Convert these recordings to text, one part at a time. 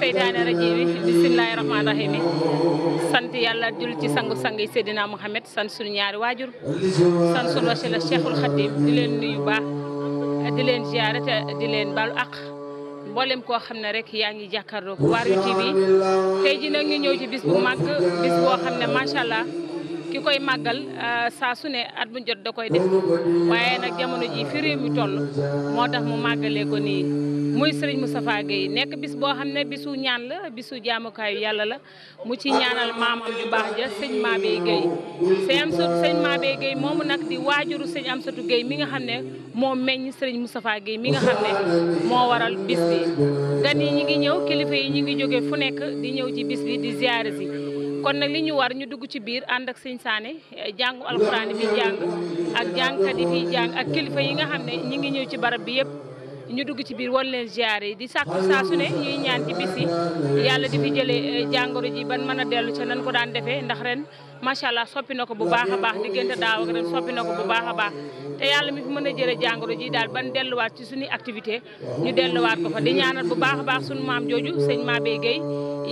seytaane rajiim yi bismillaahi rahmaani rahiim sant yàlla jul ci sangu sang yi Seydina Mouhamed sant sunu ñaari waajur sant sunu wasila Cheikhul Khadim di leen nuyu baax di leen ziyaare te di ak mboolem koo xam ne rek yaa ngi jàkkaarloo Waarwi TV tey ji nag ñu ñëw ci bis bu màgg bis boo xam ne macha allah ki koy màggal ah, saa ne at bu jot da koy def waaye nag jamono ji fi réew moo tax mu màggalee ko nii. muy sëriñ Moustapha Gueye nekk bis boo xam ne bisu ñaan la bisu jaamukaayu yàlla la mu ci ñaanal maamam ju baax ja sëñ Mabey Gueye sëñ am satu sëñ Mabey Gueye moomu nag di waajuru sëñ am satu Gueye mi nga xam ne moo meññ sëriñ Moustapha Gueye mi nga xam ne moo waral bis bi gan yi ñu ngi ñëw kilifa yi ñi ngi jóge fu nekk di ñëw ci bis bi di ziyaare kon nag li ñu war ñu dugg ci biir ànd ak sëñ Sané jàngu alxuraan bi jàng ak jàngkat yi fiy jàng ak kilifa yi nga xam ne ñu ngi ñëw ci barab bi yëpp ñu dugg ci biir wan leen ziyaare yi di sàkku saa su ne ñuy ñaan ci bis yàlla di fi jëlee eh, jàngoro ji ban mën a dellu ca nan ko daan defee ndax ren macha allah soppi na ko bu baax a baax a daaw ak ren soppi na ko bu baax a baax te yàlla mi fi mën a jëlee jàngoro ji daal ban delluwaat ci suñuy activité ñu delluwaat ko fa di ñaanal bu baax a baax maam jooju sëñ Mabé Guèye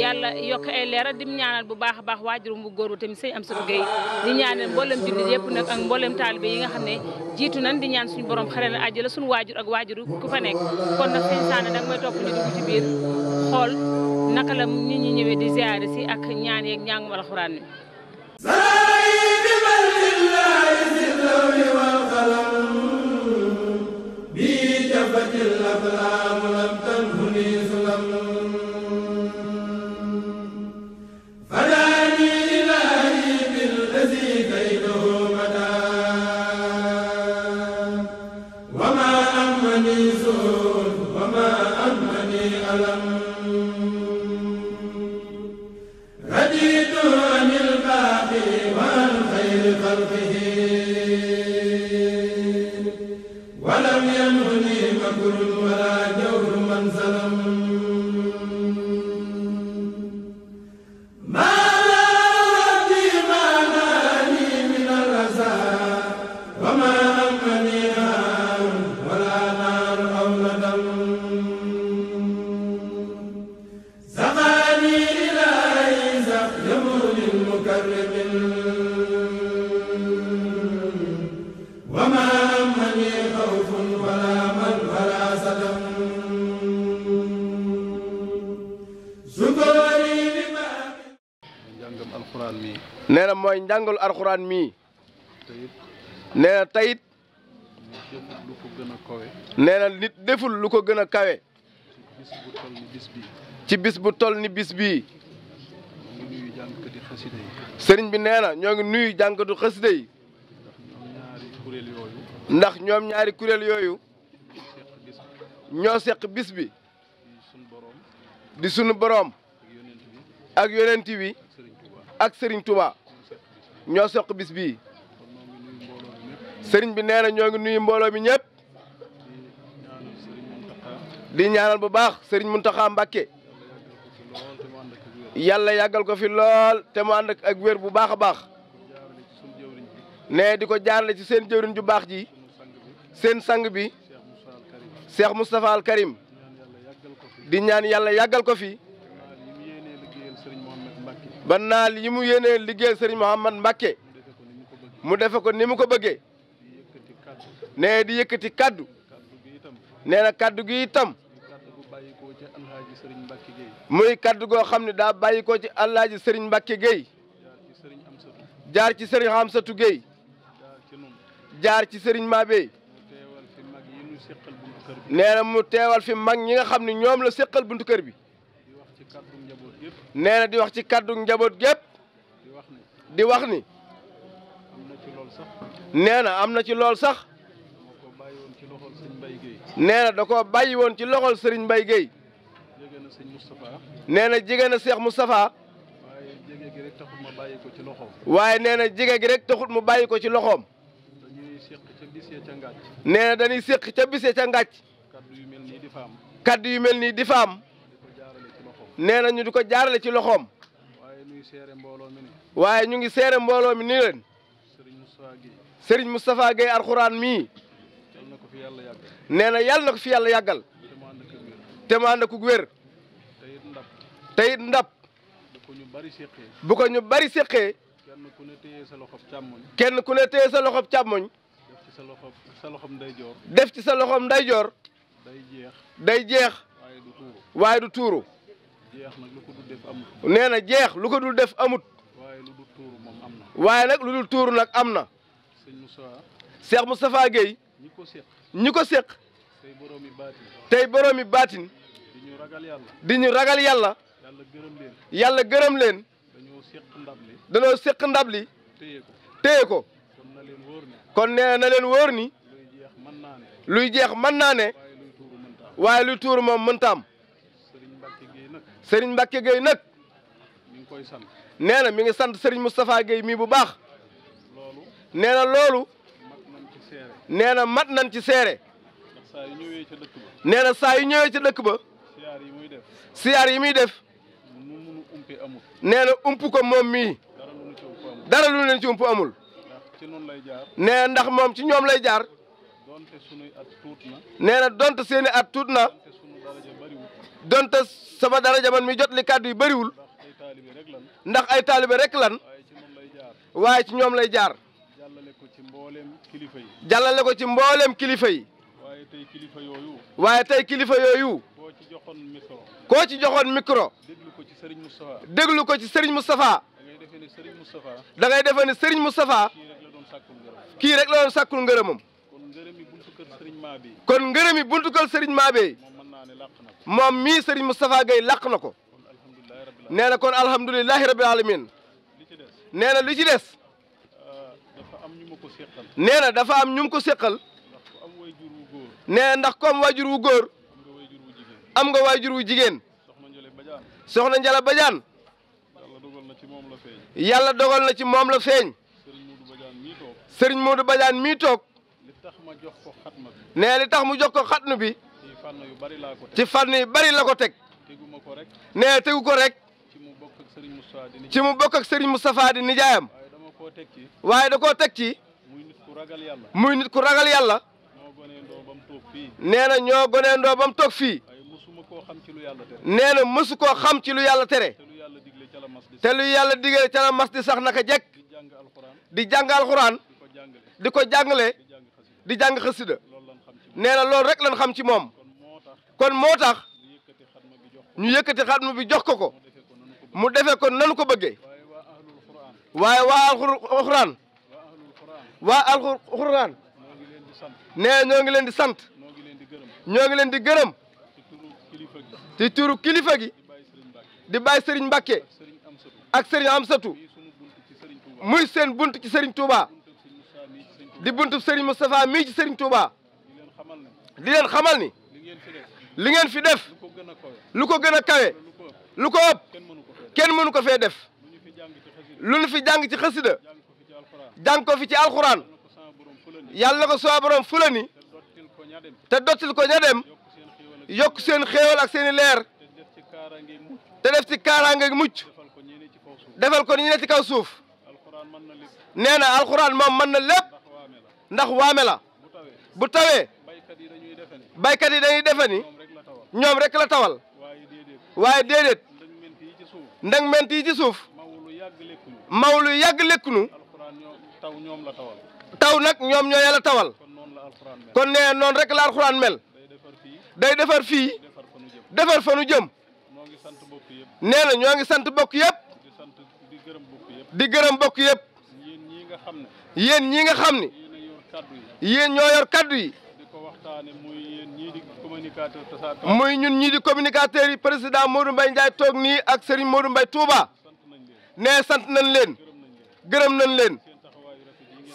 yàlla yokk ay leeral di ñaanal bu baax a baax waajurum bu góor bu tamit sëñ Amsatou Gueye di ñaanal mboolem jullit yëpp nag ak mboolem taalibe yi nga xam ne jiitu nañ di ñaan suñu borom xare na àjjala suñu waajur ak waajuru ku fa nekk kon nag sëñ Saane nag mooy topp ñu dugg biir xool naka la nit ñi ñëwee di ziare si ak ñaan yeeg ñaangum alxuraan bi ألم alxuraan nee na mooy njàngalu alxuraan mii. nee na tayit nee na nit deful lu ko gën a kawe. ci bis bu toll ni bis bii. sëriñ bi nee na ñoo ngi nuyu jànkatu xasida yi. ndax ñoom ñaari kuréel yooyu. ñoo seq bis bi. di sunu boroom. ak yonent ak sëriñ Touba ñoo soq bis bi sëriñ bi nee na ñoo ngi nuyu mbooloo mi ñëpp di ñaanal bu baax sëriñ Mountakha Mbacké yàlla yàggal ko fi lool te mu ànd ak wér bu baax a baax ne di ko jaarale ci seen jëwriñ ju baax ji seen sang bi Cheikh Moustapha Al Karim di ñaan yàlla yàggal ko fi. ba naal yi mu yéenee liggéey sëriñ Mouhamad Mbakke mu defe ko ni mu ko bëggee nee di yëkkati kaddu nee na kaddu gi itam muy kaddu goo xam ne daa bàyyi ko ci Alaaji Sëriñ Mbakke Gueye jaar ci sëriñ Amsatu Gueye jaar ci sëriñ Mabey nee na mu teewal fi mag ñi nga xam ne ñoom la séqal buntu kër bi nee di wax ci kàddu njaboot gépp di wax ni nee na am na ci lool sax nee da koo bàyyi woon ci loxol Serigne Mbaye Guèye nee na jege na Cheikh Moustapha waaye nee na jege gi rek taxut mu bàyyi ko ci loxoom nee na dañuy séq ca bise ca ngàcc kaddu yu mel nii di faam nee na ñu di ko jaarale ci loxoom. waaye ñu ngi seere mbooloo mi ni waaye ñu ngi seere mbooloo mi nii leen. sëriñ Moustapha Guèye. Serigne Moustapha Guèye mii. yal na ko fi yàlla yàggal. nee na yal na ko fi yàlla yàggal. te mu ànd ku wér. te it ndab. te ndab. ñu bari séqee. bu ko ñu bari séqee. kenn ku ne téye sa loxob càmmoñ. kenn ku ne téye sa loxob càmmoñ. def ci sa loxoom sa loxob def ci sa loxob ndeyjoor. day jeex. day jeex. waaye du tuuru. waaye du tuuru. nee na jeex lu ko dul def amut. waaye nag lu dul tuuru nag am na. Cheikh Moustapha Gueye ñi ko séq tey boroomi baatin di ñu ragal yàlla yàlla gërëm leen danoo séq ndab li téye ko kon nee na leen wóor ni luy jeex mën naa ne waaye luy tuuru moom mëntaam Serigne Mbacke Gueye nag mi koy sant nee na mi ngi sant Serigne Moustapha Gueye mii bu baax nee na loolu nee na mat nañ ci seere nee na saa yu ñëwee ca dëkk ba siyaar yi muy def nee na ump ko moom mii dara lu leen ci ump amul nee ndax moom ci ñoom lay jaar nee na donte seeni at tuut na donte sama daraja man mi jot kàddu yi bëriwul ndax ay taalibe rek lan waaye ci ñoom lay jaar jàllale ko ci mboolem kilifa yi jàllale ko ci mboolem kilifa yi waaye tey kilifa yooyu waaye tey kilifa yooyu koo ci joxoon micro koo ci joxoon micro déglu ko ci Serigne Moustapha déglu ko ci Serigne Moustapha da ngay defe ne Serigne Moustapha kii rek la doon sàkkul ngërëmam kon ngërëmi buntu kër Serigne Mabé kon ngërëmi buntu kër Serigne Mabé moom mii Serigne Moustapha Gueye làq na ko nee na kon alhamdulilahi rabbil alamin nee na lu ci des nee na euh, dafa am ñum ko séqal nee ndax comme waajur wu góor am nga waajur wu jigéen soxna Njala Badiane yàlla dogal na ci moom la feeñ Serigne Modou Badiane mii toog nee li tax mu jox ko xatnu bi fànn yu bari laa ko ci fànn yu bari la ko teg. teguma ko rek. nee tegu ko rek. ci mu bokk ak sëriñ Moustapha di. ci mu bokk ak Serigne Moustapha di nijaayam. waaye koo teg ci. waaye da koo teg ci. muy nit ku ragal yàlla. muy nit ku ragal yàlla. ñoo goneendoo ba mu toog fii. nee na ñoo goneendoo ba mu toog fii. waaye mësuma koo xam ci lu yàlla nee na mësu koo xam ci lu yàlla tere. te lu yàlla digle ca la mas di. te lu yàlla digle ca la mas di sax naka jekk. di jàng alxuraan. di jàng alxuraan. di ko jàngale. di jàng xasida. nee na loolu rek lan xam ci moom kon moo tax ñu yëkkati xatma bi jox ko ko mu defee ko nanu ko bëggee waaye waa alxuraan waa alxuraan nee ñoo ngi leen di sant ñoo ngi leen di gërëm ci turu kilifa gi di bàyyi Serigne Mbacke ak Serigne Amsatu muy seen bunt ci Serigne Touba di buntu Serigne Moustapha mii ci Serigne Touba di leen xamal ni. li ngeen fi def lu ko gën a kawe lu ko ëpp kenn mënu ko fee def lu nu fi jàng ci xasida jàng ko fi ci alxuraan yàlla ko soo borom fula ni te dottil ko ña dem yokk seen xéewal ak seen i leer te def ci kaaraange mucc defal ko ñu ne ci kaw suuf nee na alxuraan moom mën na lépp ndax waame la bu tawee baykat yi dañuy defe ni ñoom rek la tawal waaye déedéet ndang ment yi ci suuf maw lu yàgg lekkunu taw nag ñoom ñoo yàlla tawal kon nee noonu rek la alxuraan mel day defar fii defar fa nu jëm nee na ñoo ngi sant bokk yëpp di gërëm bokk yëpp yéen ñii nga xam ne yéen ñoo yor kaddu yi waxtaane muy yéen ñii di communicateur tasaare. muy ñun ñii di communicateur yi président Modou Mbaye Ndiaye toog nii ak Serigne Modou Mbaye Touba. nee sant nañ leen. gërëm nañ leen.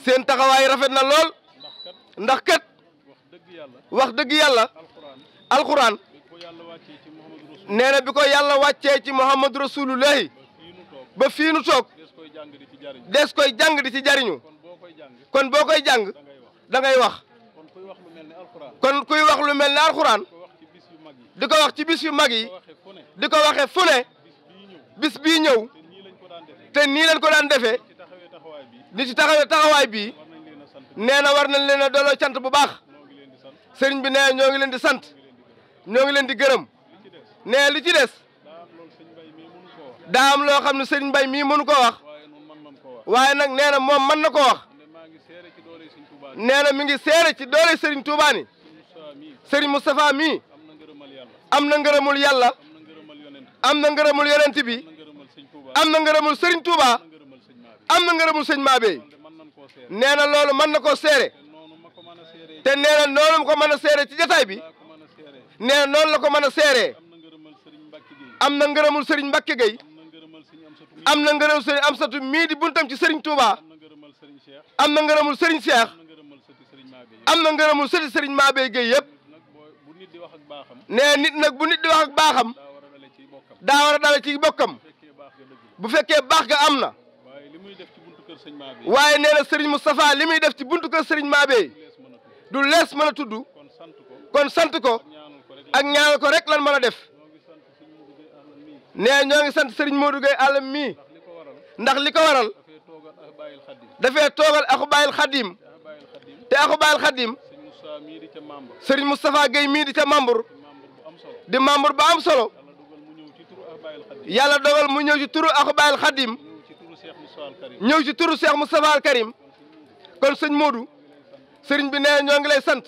seen taxawaay rafet na lool. ndax kat wax dëgg yàlla. alxuraan. nee na bi ko yàlla wàccee ci Muhammad Rasulullahi ba fii nu toog. des koy jàng di ci jariñu. kon boo koy jàng da ngay wax. kon kuy wax lu mel ne alxuraan di ko wax ci bis yu mag yi di ko waxee fu ne bis bii ñëw te nii leen ko daan defee ni ci taxawee taxawaay bii nee na war nañ leen a dooloo cant bu baax sëriñ bi nee ñoo ngi leen di sant ñoo ngi leen di gërëm nee li ci des daa am loo xam ne sëriñ Mbay mii mënu koo wax waaye nag nee na moom mën na ko wax nee na mi ngi seere ci doole Serigne Touba ni Serigne Moustapha mii am na ngërëmul yàlla am na ngërëmul yonent bi am na ngërëmul Serigne Touba am na ngërëmul sëñ Mabey nee na loolu man na ko seere te nee na ko mën a seere ci jataay bi nee na noonu la ko mën a seeree am na ngërëmul Serigne Mbacke Gueye am na ngërëmul sa Amsatu mii di buntam ci Serigne Touba am na ngërëmul Serigne Cheikh. am na ngërëmul sëti sëriñ Mabeye Gueye yëpp ne nit nag bu nit di wax ak baaxam daa war a dale ci bokkam bu fekkee baax ga am na waaye nee na sëriñ Moustapha li muy def ci buntu kër sëriñ Mabeye du lees mën a tudd kon sant ko ak ñaanal ko rek lan mën a def nee ñoo ngi sant sëriñ Modou Gueye àllam mii ndax li ko waral dafee toogal ak bàyyil xadim te Axbaayil Xadim Serigne Moustapha Gueye mii di ca membre di membre bu am solo yàlla dogal mu ñëw ci turu Axbaayil Xadim ñëw ci turu seex Moustapha Al Karim kon sëñ Modou sëriñ bi nee ñoo ngi lay sant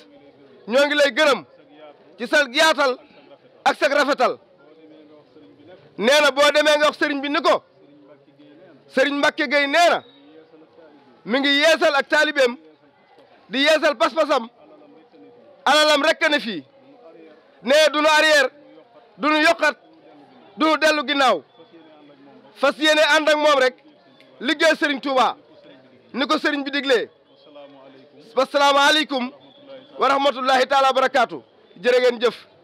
ñoo ngi lay gërëm ci sa yaatal ak sa rafetal nee na boo demee nga wax sëriñ bi ni ko sëriñ Mbacke Gueye nee na mi ngi yeesal ak taalibeem di yeesal pas-pasam alalam rekk ne fii nee du nu arrière du nu yokkat du nu dellu ginnaaw fa yéene ànd ak moom rek liggéey Serigne Touba ni ko Serigne bi diglee wasalaamaaleykum wa rahmatullahi taala wa barakaatu jërë ngeen jëf.